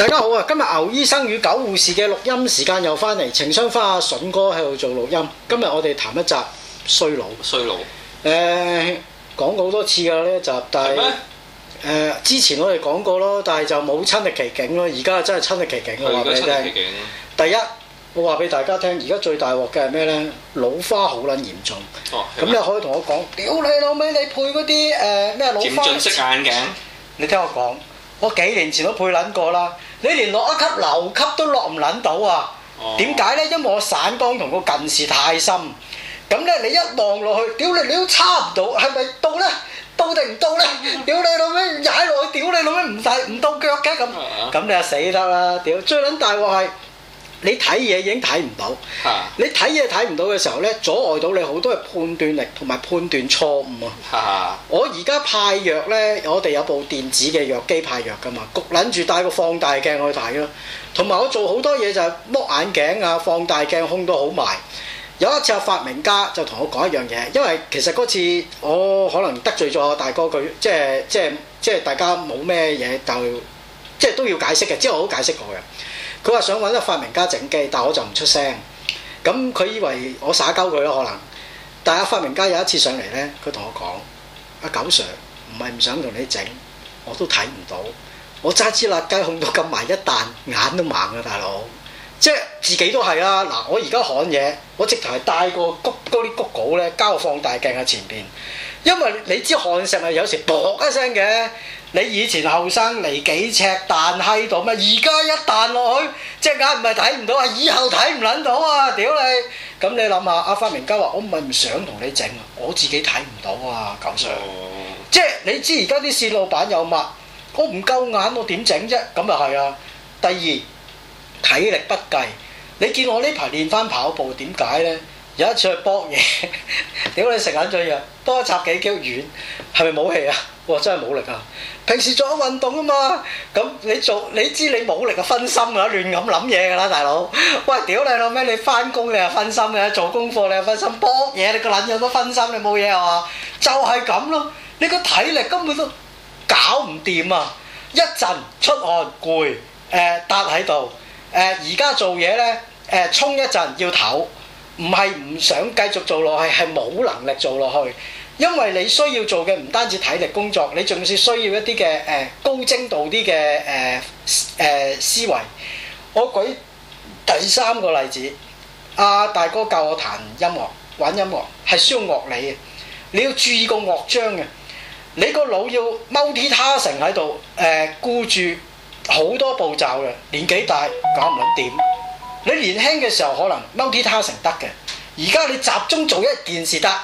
大家好啊！今日牛醫生與狗護士嘅錄音時間又翻嚟，情商花阿筍哥喺度做錄音。今日我哋談一集衰老，衰老。誒老，呃、講過好多次噶喇呢集，但係嗎、呃、之前我哋講過咯，但係就冇親歷其境咯。而家真係親歷其境，其境是我話俾你聽。第一，我話俾大家聽，而家最大鑊嘅係咩呢？老花好撚嚴重。哦，咁你可以同我講，屌你老味，你配嗰啲誒咩老花？漸進式眼鏡。你聽我講。我幾年前都配撚過啦，你連落一級樓級都落唔撚到啊？點解咧？因為我散光同個近視太深，咁咧，你一望落去，屌你，你都差唔到，係咪到咧？到定唔到咧？屌你老味踩落去，屌你老味唔曬唔到腳嘅咁，咁你就死得啦！屌，最撚大鑊係～你睇嘢已經睇唔到，啊、你睇嘢睇唔到嘅時候咧，阻礙到你好多嘅判斷力同埋判斷錯誤啊！啊我而家派藥咧，我哋有部電子嘅藥機派藥噶嘛，焗撚住帶個放大鏡去睇咯。同埋我做好多嘢就係剝眼鏡啊、放大鏡胸都好埋。有一次有發明家就同我講一樣嘢，因為其實嗰次我可能得罪咗大哥，佢即係即係即係大家冇咩嘢就即、係、係都要解釋嘅，之後我解釋過嘅。佢話想揾個發明家整機，但我就唔出聲。咁佢以為我耍鳩佢咯，可能，但阿發明家有一次上嚟呢，佢同我講：阿狗 Sir，唔係唔想同你整，我都睇唔到，我揸支辣雞控到咁埋一彈，眼都盲啊，大佬！即係自己都係啊！嗱，我而家焊嘢，我直頭係戴個谷嗰啲谷稿咧，交放大鏡喺前邊。因為你知焊錫啊，有時噃一聲嘅。你以前後生嚟幾尺彈喺度咩？而家一彈落去，隻眼唔係睇唔到啊！以後睇唔撚到啊！屌你想想！咁你諗下，阿發明家話：我唔係唔想同你整啊，我自己睇唔到啊，九歲。即係你知而家啲線路板又密，我唔夠眼，我點整啫？咁又係啊！第二。體力不繼，你見我呢排練返跑步點解呢？有一次去搏嘢，屌你食緊藥，多插幾腳軟，係咪冇氣啊？哇真係冇力啊！平時做咗運動啊嘛，咁你做你知你冇力啊，分心噶啦，亂咁諗嘢噶啦，大佬。喂，屌你老味，你返工你又分心嘅，做功課你又分心，搏嘢你個撚樣都分心，你冇嘢係嘛？就係咁咯，你個體力根本都搞唔掂啊！一陣出汗攰，誒，搭喺度。而家、呃、做嘢呢，誒、呃、衝一陣要唞，唔係唔想繼續做落去，係冇能力做落去。因為你需要做嘅唔單止體力工作，你仲是需要一啲嘅誒高精度啲嘅誒誒思維。我舉第三個例子，阿、啊、大哥教我彈音樂，玩音樂係需要樂理嘅，你要注意個樂章嘅，你個腦要踎啲他成喺度誒顧住。呃好多步驟嘅，年紀大搞唔撚掂。 你年輕嘅時候可能 multitasking 得嘅，而家你集中做一件事得，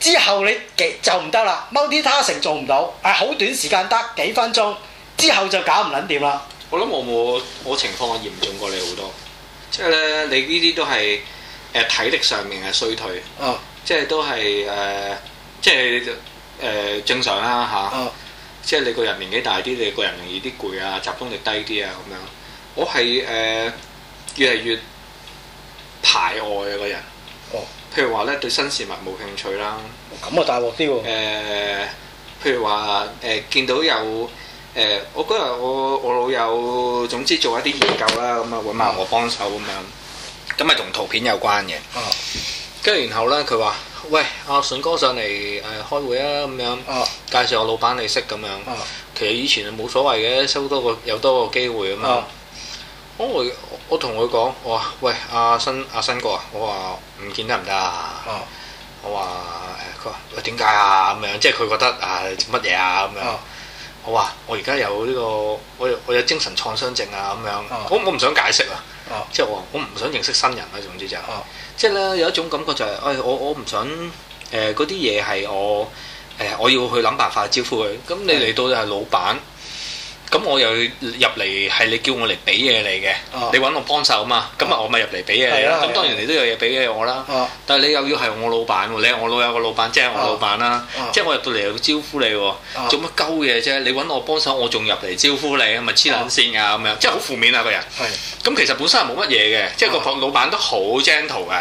之後你就唔得啦。multitasking 做唔到，係好短時間得幾分鐘，之後就搞唔撚掂啦。我諗我我我情況嚴重過你好多，即係咧，你呢啲都係誒體力上面嘅衰退，oh. 即係都係誒、呃，即係誒、呃、正常啦嚇。啊 oh. 即係你個人年紀大啲，你個人容易啲攰啊，集中力低啲啊，咁樣。我係誒、呃、越嚟越排外啊。個人。哦。譬如話咧，對新事物冇興趣啦。咁啊，大鑊啲喎。譬如話誒，見到有誒、呃，我嗰日我我老友總之做一啲研究啦，咁啊揾埋我幫手咁樣。咁咪同圖片有關嘅。哦。跟住然後咧，佢話：喂，阿、啊、順哥上嚟誒、呃、開會啊，咁樣、啊、介紹我老闆你識咁樣。啊、其實以前啊冇所謂嘅，收多個有多個機會咁嘛、啊。我同佢講，我話：喂，阿、啊、新阿、啊、新哥得得啊，我話唔見得唔得啊？我話誒，佢話喂點解啊？咁樣即係佢覺得啊乜嘢啊？咁樣。啊我話我而家有呢、這個，我有我有精神創傷症啊咁樣，啊、我我唔想解釋啊，即係我我唔想認識新人啊，總之就是，啊、即係咧有一種感覺就係、是，哎，我我唔想誒嗰啲嘢係我誒、呃、我要去諗辦法招呼佢，咁你嚟到就係老闆。嗯咁我又入嚟係你叫我嚟俾嘢你嘅，你揾我幫手嘛，咁啊我咪入嚟俾嘢你。咁當然你都有嘢俾嘢我啦。但係你又要係我老闆，你係我老友個老闆，即係我老闆啦，即係我入到嚟又招呼你喎，做乜鳩嘢啫？你揾我幫手，我仲入嚟招呼你，咪黐撚線㗎咁樣，即係好負面啊個人。咁其實本身係冇乜嘢嘅，即係個老闆都好 gentle 嘅。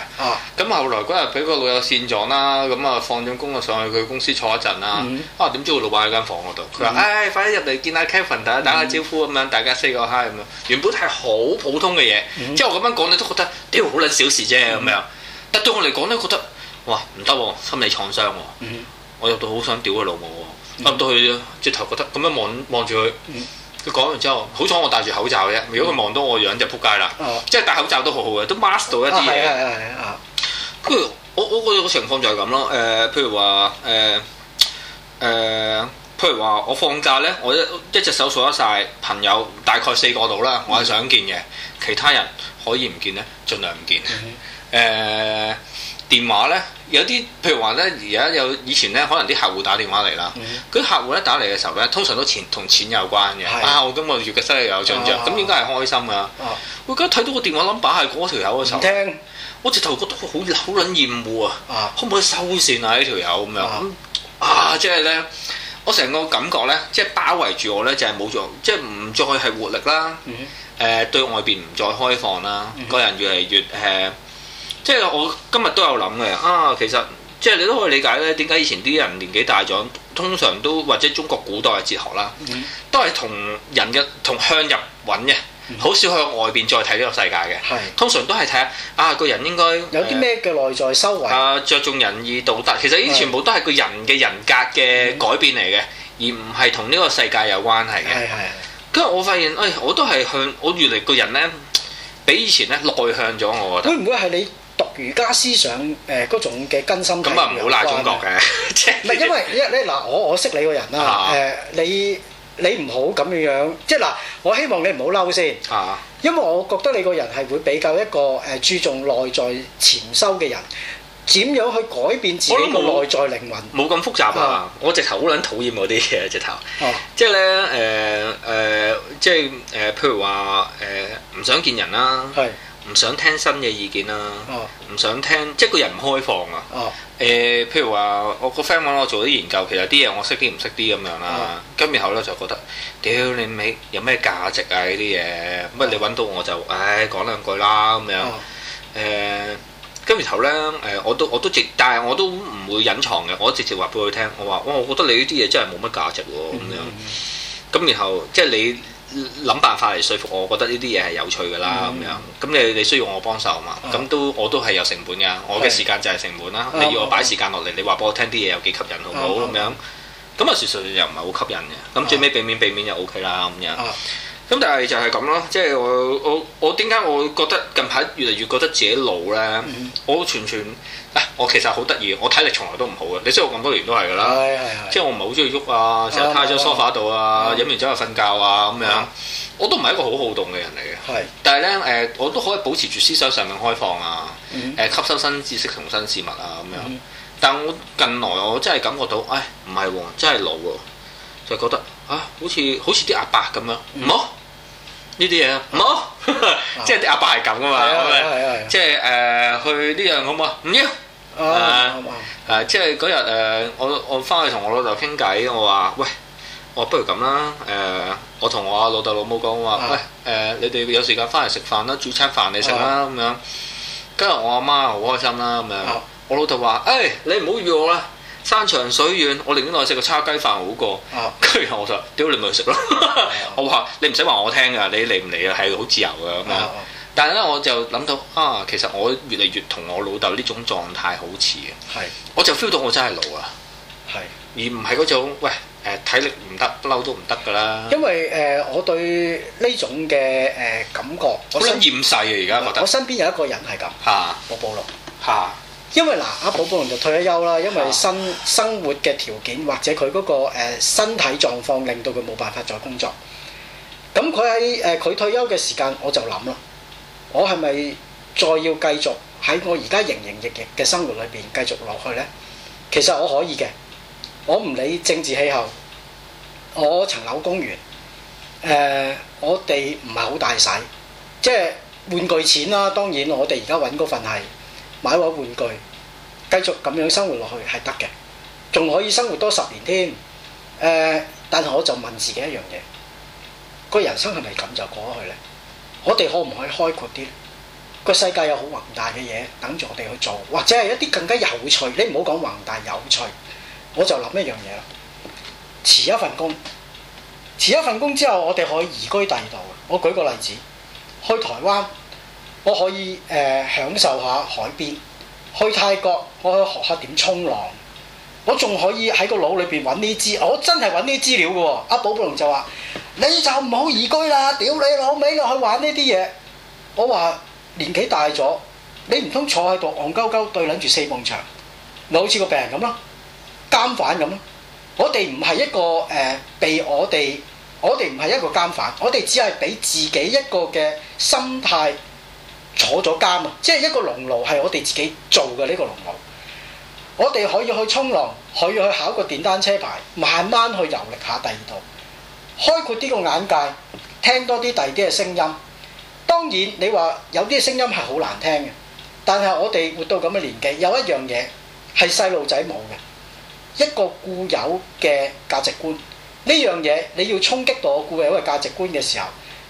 咁後來嗰日俾個老友線狀啦，咁啊放咗工啊上去佢公司坐一陣啦，啊點知個老闆喺間房嗰度，佢話：唉，快啲入嚟見下 Kevin 等。打下招呼咁樣，大家 say 個 hi 咁樣，原本係好普通嘅嘢。嗯、即係我咁樣講，你都覺得屌好撚小事啫咁樣。嗯、但對我嚟講咧，覺得哇唔得喎，心理創傷喎、嗯。我又到好想屌佢老母喎，入到去直頭覺得咁樣望望住佢，佢講完之後，好彩我戴住口罩嘅啫。如果佢望到我樣，就撲街啦。即係戴口罩都好好嘅，都 mask 到一啲嘢。啊，係啊係啊。跟住、啊嗯、我我覺得個情況就係咁咯。誒、呃，譬如話誒誒。呃呃呃呃呃譬如話，我放假咧，我一一隻手數得晒，朋友，大概四個度啦，我係想見嘅。其他人可以唔見咧，盡量唔見。誒、嗯哼呃、電話咧，有啲譬如話咧，而家有以前咧，可能啲客戶打電話嚟啦。啲、嗯、哼客戶一打嚟嘅時候咧，通常都錢同錢有關嘅。的啊，我今日月今個月嘅生日有進賬，咁、啊、應該係開心啊。我而家睇到個電話，number 係嗰條友嘅時候，唔聽我直頭覺得好好撚厭惡啊！啊可唔可以收線啊？呢條友咁樣啊！即係咧。啊就是我成個感覺咧，即係包圍住我咧，就係冇咗，即係唔再係活力啦。誒、mm hmm. 呃，對外邊唔再開放啦。Mm hmm. 個人越嚟越誒、呃，即係我今日都有諗嘅啊。其實，即係你都可以理解咧，點解以前啲人年紀大咗，通常都或者中國古代嘅哲學啦，mm hmm. 都係同人嘅同向入揾嘅。好少去外邊再睇呢個世界嘅，通常都係睇下啊個人應該有啲咩嘅內在修為啊，著重仁義道德，其實呢全部都係個人嘅人格嘅改變嚟嘅，而唔係同呢個世界有關係嘅。係係。因為我發現，哎，我都係向我原嚟個人咧，比以前咧內向咗，我覺得。會唔會係你讀儒家思想誒嗰種嘅根深蒂固？咁啊唔好賴中國嘅，唔係因為一咧嗱，我我識你個人啦。誒你。你唔好咁嘅樣，即係嗱，我希望你唔好嬲先，啊、因為我覺得你個人係會比較一個誒、呃、注重內在潛修嘅人，點樣去改變自己個內在靈魂？冇咁複雜啊！啊我直頭好撚討厭嗰啲嘢，直頭、啊呃呃，即係咧誒誒，即係誒，譬如話誒，唔、呃、想見人啦、啊，唔是想聽新嘅意見啦、啊，唔、啊啊、想聽，即係個人唔開放啊。啊啊誒、呃，譬如話，我個 friend 揾我做啲研究，其實啲嘢我識啲唔識啲咁樣啦、啊。跟、嗯、然後咧就覺得，屌你咪有咩價值啊？呢啲嘢，乜你揾到我就，唉，講兩句啦咁樣。誒、嗯，跟住、呃、後咧，誒、呃，我都我都直，但係我都唔會隱藏嘅，我都直接話俾佢聽。我話，哇、哦，我覺得你呢啲嘢真係冇乜價值喎、啊，咁樣。咁、嗯、然後即係你。諗辦法嚟說服我，覺得呢啲嘢係有趣㗎啦，咁、嗯、樣。咁你你需要我幫手嘛？咁、嗯、都我都係有成本㗎，是我嘅時間就係成本啦。嗯、你要我擺時間落嚟，你話俾我聽啲嘢有幾吸引，好唔好？咁、嗯嗯、樣。咁啊、嗯，事實上又唔係好吸引嘅。咁、嗯、最尾避，避免避免就 OK 啦，咁、嗯、樣。嗯咁但係就係咁咯，即係我我我點解我覺得近排越嚟越覺得自己老咧？嗯、我全全啊、哎！我其實好得意，我體力從來都唔好嘅。你知我咁多年都係㗎啦，哎哎哎、即係我唔係好中意喐啊，成日趴喺張梳化度啊，飲、哎哎、完酒又瞓覺啊咁樣。嗯、我都唔係一個好好動嘅人嚟嘅。是但係咧誒，我都可以保持住思想上面開放啊，誒、嗯呃、吸收新知識同新事物啊咁樣。嗯、但我近來我真係感覺到，哎、唉，唔係喎，真係老喎，就覺得啊，好似好似啲阿伯咁樣，好。嗯呢啲嘢唔好，即係阿爸係咁噶嘛，即係誒去呢樣好唔好啊？唔要，啊，即係嗰日誒，我我翻去同我老豆傾偈，我話喂，我不如咁啦，誒、呃，我同我老豆老母講話，啊、喂，誒、呃，你哋有時間翻嚟食飯啦，煮餐飯你食啦，咁、啊、樣。今日我阿媽好開心啦，咁樣，啊、我老豆話，誒、哎，你唔好預我啦。山長水遠，我寧願我食個叉雞飯好過。跟住、啊、我就，屌你咪去食咯！ 我話你唔使話我聽噶，你嚟唔嚟啊？係好自由嘅咁啊！但係咧，我就諗到啊，其實我越嚟越同我老豆呢種狀態好似啊！是我就 feel 到我真係老啊！係是，而唔係嗰種喂誒體力唔得不嬲都唔得噶啦。因為誒、呃，我對呢種嘅誒、呃、感覺我，我，世啊、我覺得厭世啊！而家覺得，我身邊有一個人係咁嚇，我暴露嚇。啊啊啊因為嗱，阿寶寶龍就退咗休啦，因為生生活嘅條件或者佢嗰、嗰個、呃、身體狀況令到佢冇辦法再工作。咁佢喺誒佢退休嘅時間，我就諗啦，我係咪再要繼續喺我而家營營役役嘅生活裏邊繼續落去呢？其實我可以嘅，我唔理政治氣候，我層樓供完，誒、呃、我哋唔係好大使，即係玩具錢啦。當然我哋而家揾嗰份係。買個玩具，繼續咁樣生活落去係得嘅，仲可，可以生活多十年添。誒、呃，但係我就問自己一樣嘢：個人生係咪咁就過咗去咧？我哋可唔可以開闊啲？個世界有好宏大嘅嘢等住我哋去做，或者係一啲更加有趣。你唔好講宏大，有趣。我就諗一樣嘢啦，辭一份工，辭一份工之後，我哋可以移居第二度。我舉個例子，去台灣。我可以誒、呃、享受下海邊，去泰國我去學下點沖浪，我仲可以喺個腦裏邊揾呢啲，我真係揾呢資料嘅喎。阿、啊、寶寶龍就話：你就唔好移居啦，屌你老味啦，去玩呢啲嘢。我話年紀大咗，你唔通坐喺度戇鳩鳩對諗住四望牆？咪好似個病人咁咯，監犯咁咯。我哋唔係一個誒、呃，被我哋，我哋唔係一個監犯，我哋只係俾自己一個嘅心態。坐咗監啊！即係一個籠牢係我哋自己做嘅呢、這個籠牢，我哋可以去沖浪，可以去考個電單車牌，慢慢去遊歷下第二度，開闊啲個眼界，聽多啲第二啲嘅聲音。當然你話有啲聲音係好難聽嘅，但係我哋活到咁嘅年紀，有一樣嘢係細路仔冇嘅，一個固有嘅價值觀。呢樣嘢你要衝擊到我固有嘅價值觀嘅時候。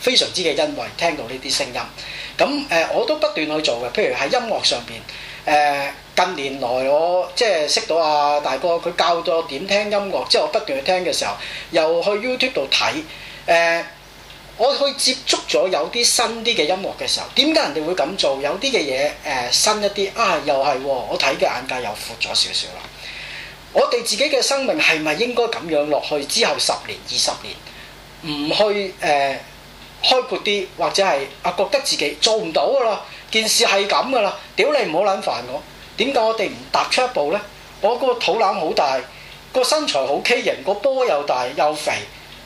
非常之嘅欣慰，聽到呢啲聲音咁誒、呃，我都不斷去做嘅。譬如喺音樂上邊誒、呃，近年來我即係識到阿、啊、大哥，佢教咗我點聽音樂，之後我不斷去聽嘅時候，又去 YouTube 度睇誒、呃，我去接觸咗有啲新啲嘅音樂嘅時候，點解人哋會咁做？有啲嘅嘢誒新一啲啊，又係我睇嘅眼界又闊咗少少啦。我哋自己嘅生命係咪應該咁樣落去？之後十年、二十年唔去誒？呃開闊啲，或者係啊覺得自己做唔到噶啦，件事係咁噶啦，屌你唔好撚煩我。點解我哋唔踏出一步呢？我個肚腩好大，個身材好畸形，個波又大又肥，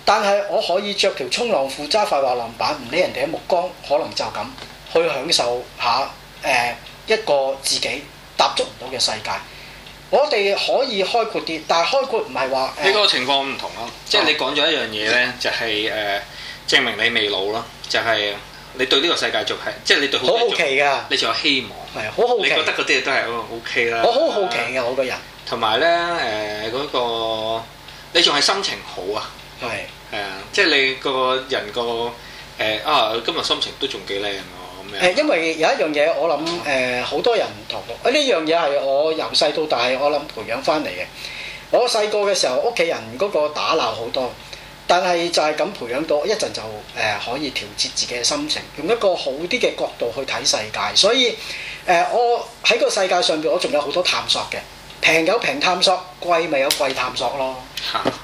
但係我可以着條沖浪褲揸塊滑浪板，唔理人哋嘅目光，可能就咁去享受下誒、呃、一個自己踏足唔到嘅世界。我哋可以開闊啲，但係「開闊」唔係話。呢個情況唔同咯，即係、哦、你講咗一樣嘢呢，就係誒。證明你未老咯，就係、是、你對呢個世界仲係，即、就、係、是、你對好好奇㗎，你仲有希望係好好奇。你覺得嗰啲嘢都係哦 O K 啦，我好好奇嘅、啊、我個人。同埋咧誒嗰個，你仲係心情好啊？係係啊，即係你個人個誒啊、呃，今日心情都仲幾靚喎咁樣。誒，因為有一樣嘢我諗誒，好、呃、多人唔同，呢樣嘢係我由細到大我諗培養翻嚟嘅。我細個嘅時候屋企人嗰個打鬧好多。但係就係咁培養到一陣就誒可以，呃，可以調節自己嘅心情，用一個好啲嘅角度去睇世界。所以誒、呃，我喺個世界上邊，我仲有好多探索嘅。平有平探索，貴咪有貴探索咯。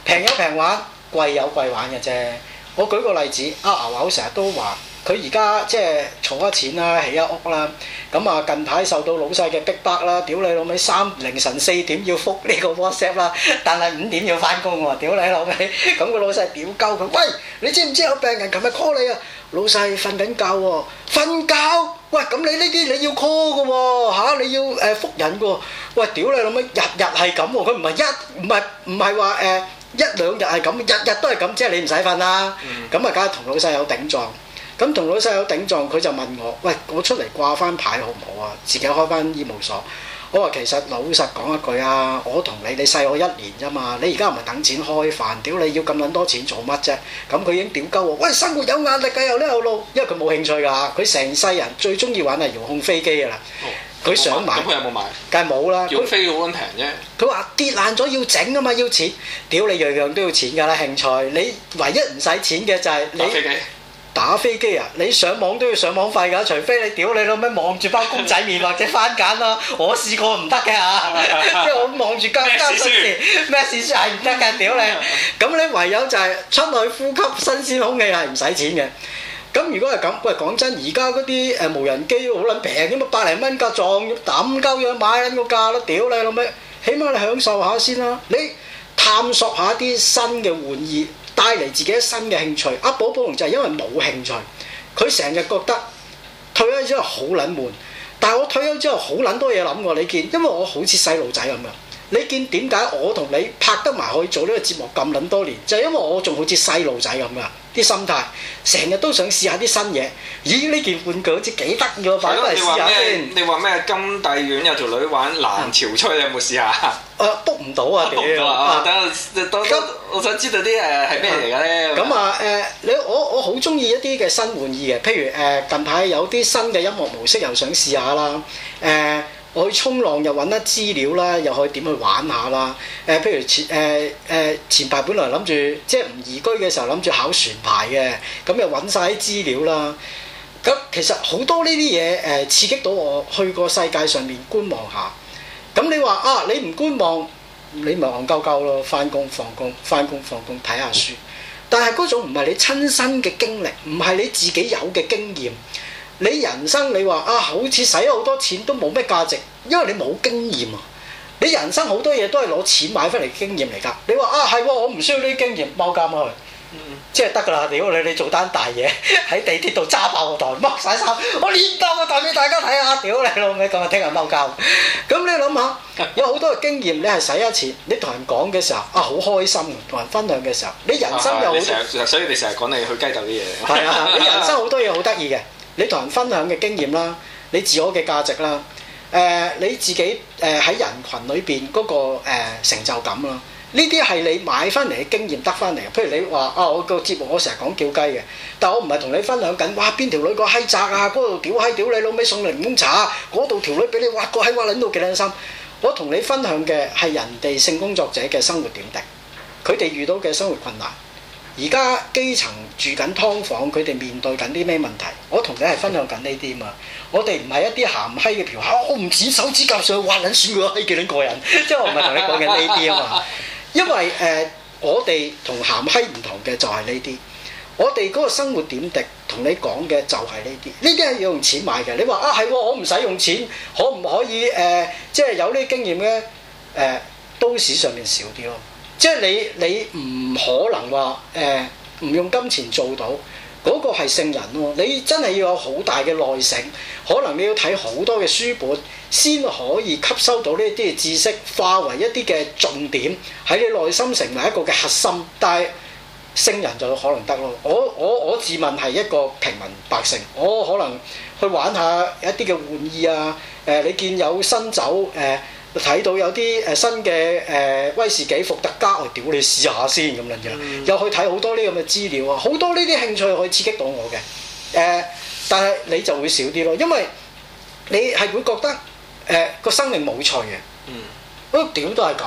平有平玩，貴有貴玩嘅啫。我舉個例子，阿牛牛成日都話。佢而家即係儲咗錢啦，起咗屋啦。咁啊，近排受到老細嘅逼迫啦，屌你老味！三凌晨四點要覆呢個 WhatsApp 啦，但係五點要翻工喎，屌你老味！咁個老細屌鳩佢？喂，你知唔知有病人琴日 call 你啊？老細瞓緊覺喎，瞓覺？喂，咁你呢啲你要 call 嘅喎，吓你要誒覆人嘅喎，喂，屌你老味！日日係咁喎，佢唔係一唔係唔係話誒一兩日係咁，日日都係咁，即係你唔使瞓啦。咁啊，梗係同老細有頂撞。咁同老細有頂撞，佢就問我：喂，我出嚟掛翻牌好唔好啊？自己開翻醫務所。我話其實老實講一句啊，我同你你細我一年啫嘛，你而家唔係等錢開飯，屌你要咁撚多錢做乜啫？咁佢已經屌鳩我，喂，生活有壓力㗎又呢又路，因為佢冇興趣㗎，佢成世人最中意玩係遙控飛機㗎啦。佢、哦、想買，咁佢有冇買？梗係冇啦，遙控飛機好撚平啫。佢話跌爛咗要整啊嘛，要錢。屌你樣樣都要錢㗎啦，興趣。你唯一唔使錢嘅就係飛打飛機啊！你上網都要上網費㗎，除非你屌你老味望住包公仔麵或者番鹼啦。 我試過唔得嘅嚇，即係我望住更加舒適。咩事先係唔得嘅，屌你！咁你唯有就係出外呼吸新鮮空氣係唔使錢嘅。咁如果係咁，喂講真，而家嗰啲誒無人機好撚平嘅嘛，百零蚊架撞抌鳩樣，夠樣買緊個價咯，屌你老味！起碼你享受下先啦，你探索下啲新嘅玩意。帶嚟自己新嘅興趣，阿、啊、寶寶龍就係因為冇興趣，佢成日覺得退休之後好撚悶。但我退休之後好撚多嘢諗㗎，你見，因為我好似細路仔咁樣。你見點解我同你拍得埋去做呢個節目咁撚多年？就係、是、因為我仲好似細路仔咁噶，啲心態成日都想試下啲新嘢。咦？呢件玩具好似幾得意喎，反為試下先。你話咩？金帝苑有條女玩男潮吹，嗯、你有冇試下？誒 book 唔到啊，book 唔到啊你、哦。等我，想知道啲誒係咩嚟㗎咧？咁、嗯、啊，誒、呃，你我我好中意一啲嘅新玩意嘅，譬如誒、呃、近排有啲新嘅音樂模式又想試下啦，誒、呃。嗯我去沖浪又揾得資料啦，又可以點去玩下啦。誒、呃，譬如前誒誒、呃、前排本來諗住即係唔移居嘅時候諗住考船牌嘅，咁、嗯、又揾晒啲資料啦。咁、嗯、其實好多呢啲嘢誒刺激到我去個世界上面觀望下。咁、嗯、你話啊，你唔觀望，你咪戇鳩鳩咯，返工放工，返工放工睇下書。但係嗰種唔係你親身嘅經歷，唔係你自己有嘅經驗。你人生你話啊，好似使咗好多錢都冇咩價值，因為你冇經驗啊！你人生好多嘢都係攞錢買翻嚟經驗嚟㗎。你話啊，係、啊、我唔需要呢啲經驗，踎監去，即係得㗎啦！屌你，你做單大嘢喺地鐵度揸爆個台，擘晒衫，我練到個台俾大家睇下，屌你老味咁啊，聽日踎監。咁你諗下，有好多嘅經驗你係使咗錢，你同人講嘅時候啊，好開心同人分享嘅時候，你人生又好、啊。所以你成日講你去雞竇啲嘢，係 啊，你人生好多嘢好得意嘅。 你同人分享嘅經驗啦，你自我嘅價值啦，誒、呃、你自己誒喺人群裏邊嗰個、呃、成就感啦，呢啲係你買翻嚟嘅經驗得翻嚟。譬如你話啊、哦，我個節目我成日講叫雞嘅，但我唔係同你分享緊，哇邊條女個閪宅啊，嗰度屌閪屌你老味送檸檬茶，嗰度條女俾你哇個挖個閪挖卵到幾撚深。我同你分享嘅係人哋性工作者嘅生活點滴，佢哋遇到嘅生活困難。而家基層住緊劏房，佢哋面對緊啲咩問題？我同你係分享緊呢啲嘛。我哋唔係一啲鹹閪嘅嫖客，我唔止手指甲上劃緊選舉閪叫你過人，即係我唔係同你講緊呢啲啊嘛。因為誒、呃，我哋同鹹閪唔同嘅就係呢啲。我哋嗰個生活點滴同你講嘅就係呢啲，呢啲係要用錢買嘅。你話啊係，我唔使用，用錢，可唔可以誒、呃？即係有呢啲經驗咧？誒、呃，都市上面少啲咯。即係你你唔可能話誒，唔用金錢做到嗰個係聖人喎，你真係要有好大嘅耐性，可能你要睇好多嘅書本先可以吸收到呢啲知識，化為一啲嘅重點喺你內心成為一個嘅核心。但係聖人就可能得咯。我我我自問係一個平民百姓，我可能去玩下一啲嘅玩意啊，誒你見有新酒誒。呃睇到有啲誒新嘅誒威士忌、伏特加，我屌你試下先咁樣樣，又去睇好多呢咁嘅資料啊，好多呢啲興趣可以刺激到我嘅。誒、呃，但係你就會少啲咯，因為你係會覺得誒個、呃、生命冇趣嘅。嗯、啊，屌都係咁。誒、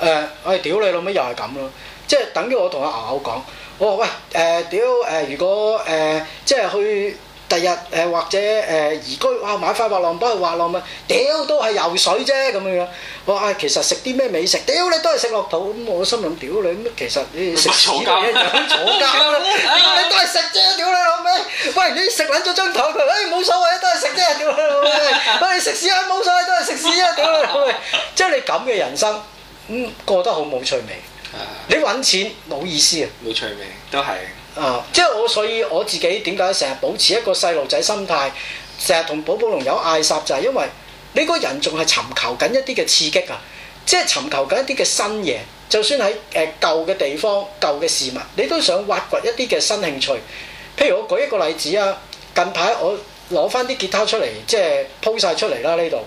呃，我屌你老味又係咁咯，即係等於我同阿牛牛講，我話喂誒屌誒，如果誒、呃、即係去。第日誒或者誒移居哇，買塊滑浪板佢滑浪咪屌，ions，都係游水啫咁樣樣。我話其實食啲咩美食屌你都係食落肚咁，我心諗屌你其實你食屎一樣坐監你都係食啫屌你老味。喂你食撚咗張糖佢，哎冇所謂都係食啫屌你老味。喂食屎啊冇所謂都係食屎啊屌你老味。即係你咁嘅人生咁過得好冇趣味。你揾錢冇意思啊，冇趣味都係。啊！即係我，所以我自己點解成日保持一個細路仔心態，成日同寶寶龍友嗌霎就係、是、因為你個人仲係尋求緊一啲嘅刺激啊！即係尋求緊一啲嘅新嘢，就算喺誒、呃、舊嘅地方、舊嘅事物，你都想挖掘一啲嘅新興趣。譬如我舉一個例子啊，近排我攞翻啲吉他出嚟，即係鋪晒出嚟啦呢度。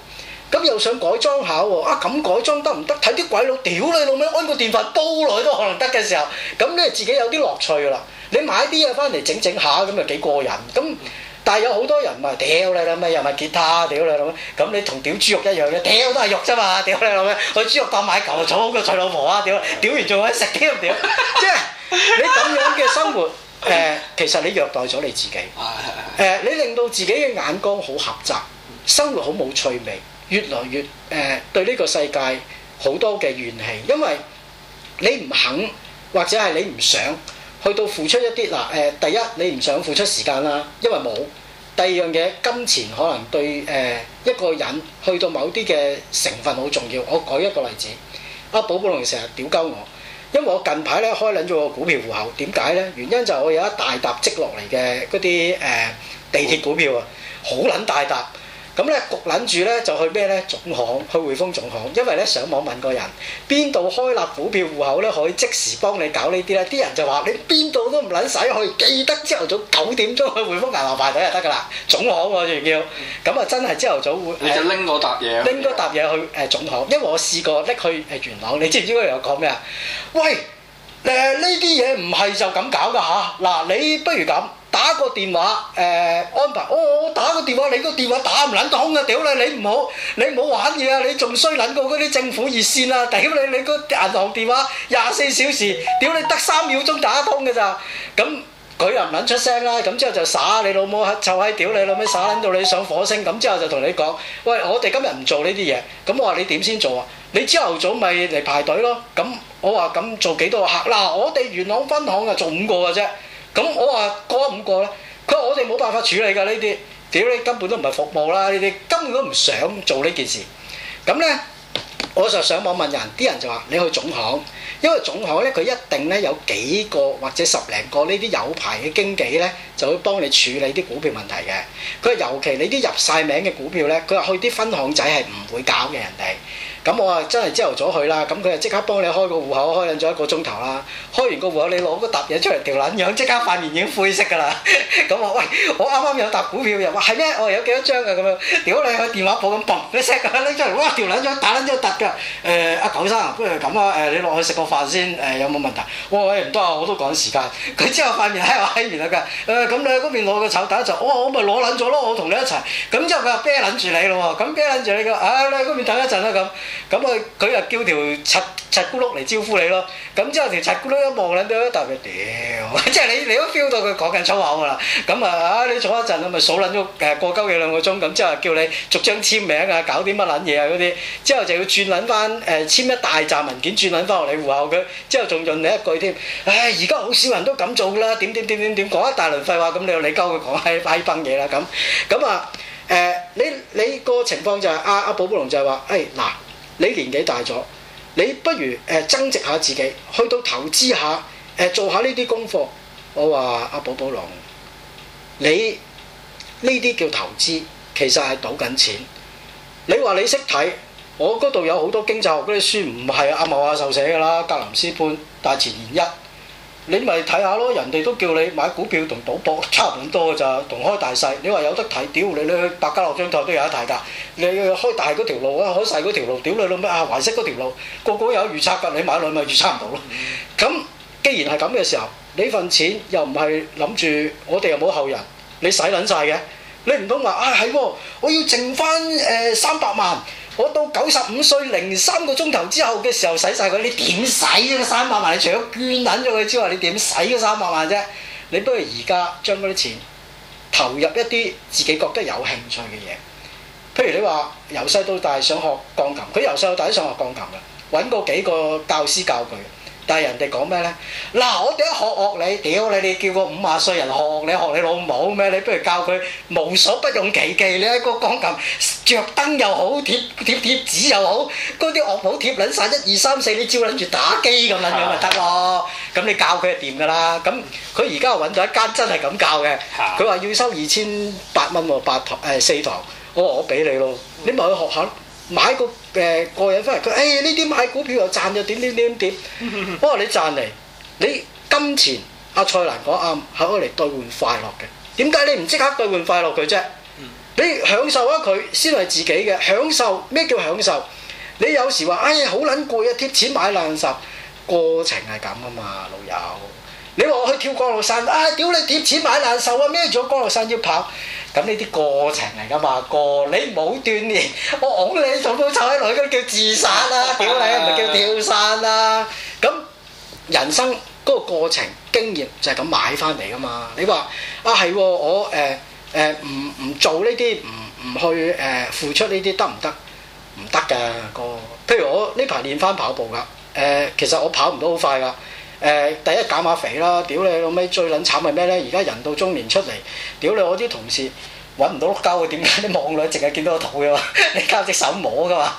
咁又想改裝下喎，啊咁、啊、改裝得唔得？睇啲鬼佬屌你老味，安個電飯煲落去都可能得嘅時候，咁你自己有啲樂趣㗎啦。你買啲嘢翻嚟整整下咁又幾過癮咁，但係有好多人唔係屌啦咁啊，又買吉他屌啦咁，咁你同屌豬肉一樣嘅，屌都係肉啫嘛，屌你諗咩？去豬肉檔買嚿草個娶老婆啊屌，屌完仲可以食添屌，即係你咁樣嘅生活誒，其實你虐待咗你自己，誒你令到自己嘅眼光好狹窄，生活好冇趣味，越來越誒對呢個世界好多嘅怨氣，因為你唔肯或者係你唔想。去到付出一啲嗱誒，第一你唔想付出時間啦，因為冇；第二樣嘢金錢可能對誒、呃、一個人去到某啲嘅成分好重要。我舉一個例子，阿、啊、寶寶龍成日屌鳩我，因為我近排咧開撚咗個股票戶口，點解咧？原因就係我有一大沓積落嚟嘅嗰啲誒地鐵股票啊，好撚大沓。咁咧，焗撚住咧就去咩咧？總行，去匯豐總行，因為咧上網問過人，邊度開立股票戶口咧可以即時幫你搞呢啲咧？啲人就話你邊度都唔撚使去，記得朝頭早九點鐘去匯豐銀行排隊就得㗎啦。總行、啊、我仲要，咁啊真係朝頭早會你就拎個笪嘢，拎個笪嘢去誒總行，因為我試過拎去誒元朗，你知唔知佢有講咩啊？喂，誒呢啲嘢唔係就咁搞㗎嚇，嗱、啊、你不如咁。打個電話，誒安排。我打個電話，你個電話打唔撚通啊！屌你，你唔好，你唔好玩嘢啊！你仲衰撚過嗰啲政府熱線啊！屌你，你個銀行電話廿四小時，屌你得三秒鐘打得通㗎咋？咁佢又唔撚出聲啦。咁之後就耍你老母，臭閪屌你老味耍撚到你上火星。咁之後就同你講：喂，我哋今日唔做呢啲嘢。咁我話你點先做啊？你朝頭早咪嚟排隊咯。咁我話咁做幾多個客？嗱，我哋元朗分行啊，做五個㗎啫。咁我話過唔過咧？佢話我哋冇辦法處理㗎呢啲，屌你根本都唔係服務啦！呢啲根本都唔想做呢件事。咁咧，我就上網問人，啲人就話你去總行，因為總行咧佢一定咧有幾個或者十零個呢啲有牌嘅經紀咧，就會幫你處理啲股票問題嘅。佢話尤其你啲入晒名嘅股票咧，佢話去啲分行仔係唔會搞嘅人哋。咁我啊真係朝頭早去啦，咁佢就即刻幫你開個戶口，開撚咗一個鐘頭啦。開完個戶口，你攞個沓嘢出嚟，條撚樣即刻塊面已經灰色㗎啦。咁話喂，我啱啱有沓股票又話係咩？我有幾多張㗎咁樣。屌你，去電話簿咁嘣一聲咁拎出嚟，哇條撚樣打撚咗，揼㗎。誒阿九生，不如咁啊，誒你落去食個飯先，誒有冇問題？哇、oh, 喂、right，唔得啊，我都趕時間。佢之後塊面係咪係面嚟㗎？誒咁、yeah, uh, 你喺嗰邊攞個籌等一陣，哇我咪攞撚咗咯，我同你一齊。咁之後佢話啤撚住你咯喎，咁啤撚住你嘅，啊、uh,，你喺嗰邊等一陣啦咁啊，佢又叫條柒柒咕碌嚟招呼你咯，咁之後條柒咕碌一望撚到，一啖屌，即係你你都 feel 到佢講緊粗口㗎啦。咁啊，啊你坐一陣，咪數撚咗誒過鳩嘢兩個鐘，咁之後叫你逐張簽名啊，搞啲乜撚嘢啊嗰啲，之後就要轉撚翻誒簽一大紮文件，轉撚翻落你戶口，佢之後仲盡你一句添。唉，而家好少人都咁做啦，點點點點點講一大輪廢話，咁你又你交佢講係低分嘢啦咁。咁啊誒，你你個情況就係阿阿寶寶龍就係話，誒嗱。你年紀大咗，你不如誒增值下自己，去到投資下，誒做下呢啲功課。我話阿寶寶龍，你呢啲叫投資，其實係賭緊錢。你話你識睇，我嗰度有好多經濟學嗰啲書，唔係阿茂阿壽寫噶啦，格林斯潘、大前研一。你咪睇下咯，人哋都叫你買股票同賭博差唔多嘅咋，同開大細。你話有得睇，屌你，你去百家樂張台都有得睇噶。你開大嗰條路啊，開細嗰條路，屌你老咩啊，還息嗰條路，個個有預測㗎，你買落咪預測唔到咯。咁、嗯、既然係咁嘅時候，你份錢又唔係諗住，我哋又冇後人，你使撚晒嘅，你唔通話啊係喎，我要剩翻誒三百萬。我到九十五歲零三個鐘頭之後嘅時候，使晒佢。你點使呢？三百萬，你除咗捐撚咗佢，之外你點使嗰三百萬啫？你不如而家將嗰啲錢投入一啲自己覺得有興趣嘅嘢，譬如你話由細到大想學鋼琴，佢由細到大都想學鋼琴嘅，揾過幾個教師教佢，但係人哋講咩呢？嗱，我哋一學學你，屌你！你叫個五廿歲人學,學你學你老母咩？你不如教佢無所不用其技，你一個鋼琴。着燈又好，貼貼貼，貼紙又好，嗰啲樂譜貼撚晒，一二三四，你照撚住打機咁撚樣咪得咯。咁你教佢就掂㗎啦。咁佢而家揾到一間真係咁教嘅，佢話的要收二千八蚊喎，八堂四堂，我話我俾你咯。你咪去學校買個誒個人翻嚟，佢誒呢啲買股票賺又賺咗點點點點，我話你賺嚟，你金錢阿蔡蘭講啱，係攞嚟兌換快樂嘅。點解你唔即刻兌換快樂佢啫？你享受咗佢先係自己嘅享受。咩叫享受？你有時話：哎，呀，好撚攰啊！貼錢買難受，過程係咁啊嘛，老友。你話我去跳降落傘啊？屌、哎、你！貼錢買難受啊！孭住個降落傘要跑，咁呢啲過程嚟噶嘛？過你冇鍛鍊，我㧬你從高抽起落，嗰啲叫自殺啦、啊！屌你，唔係叫跳傘啦、啊！咁人生嗰個過程經驗就係咁買翻嚟噶嘛？你話啊係我誒？呃誒唔唔做呢啲唔唔去誒、呃、付出呢啲得唔得？唔得㗎個。譬如我呢排練返跑步㗎，誒、呃、其實我跑唔到好快㗎。誒、呃、第一減一下肥啦，屌你老味，最撚慘係咩呢？而家人到中年出嚟，屌你我啲同事。搵唔到碌膠喎？點解你望落去淨係見到個肚嘅 嘛？你靠隻手摸㗎嘛？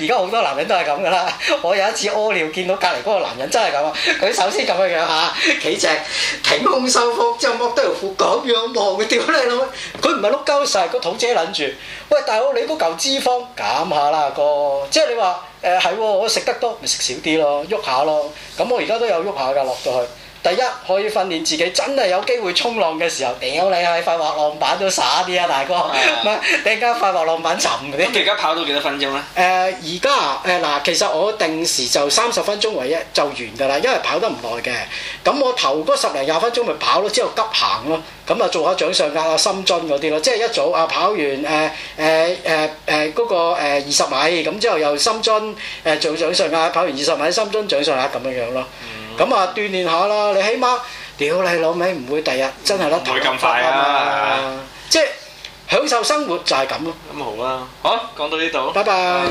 而家好多男人都係咁㗎啦。我有一次屙尿見到隔離嗰個男人真係咁啊！佢首先咁嘅樣嚇，企正挺胸收腹，之後擘得條褲咁樣望佢，屌你老味！佢唔係碌膠，晒，係個肚姐攬住。喂，大佬你嗰嚿脂肪減下啦，哥。即係你話誒，係喎，我食得多咪食少啲咯，喐下咯。咁我而家都有喐下㗎，落到去。第一可以訓練自己，真係有機會衝浪嘅時候，屌你係塊滑浪板都耍啲啊，大哥！唔係突然間塊滑浪板沉嗰啲。咁而家跑到幾多分鐘呢？誒、呃，而家誒嗱，其實我定時就三十分鐘為一就完㗎啦，因為跑得唔耐嘅。咁我頭嗰十零廿分鐘咪跑咯，之後急行咯。咁啊，做下掌上壓啊，深蹲嗰啲咯。即係一早啊，跑完誒誒誒誒嗰個二十米，咁之後又深蹲，誒做掌上壓，跑完二十米深蹲掌上壓咁樣樣咯。 咁啊，嗯、鍛鍊下啦！你起碼，屌你，你老味，唔會第日，日真係甩頭髮咁快啊！啊即係享受生活就係咁咯。咁好啦，好，講到呢度，拜拜。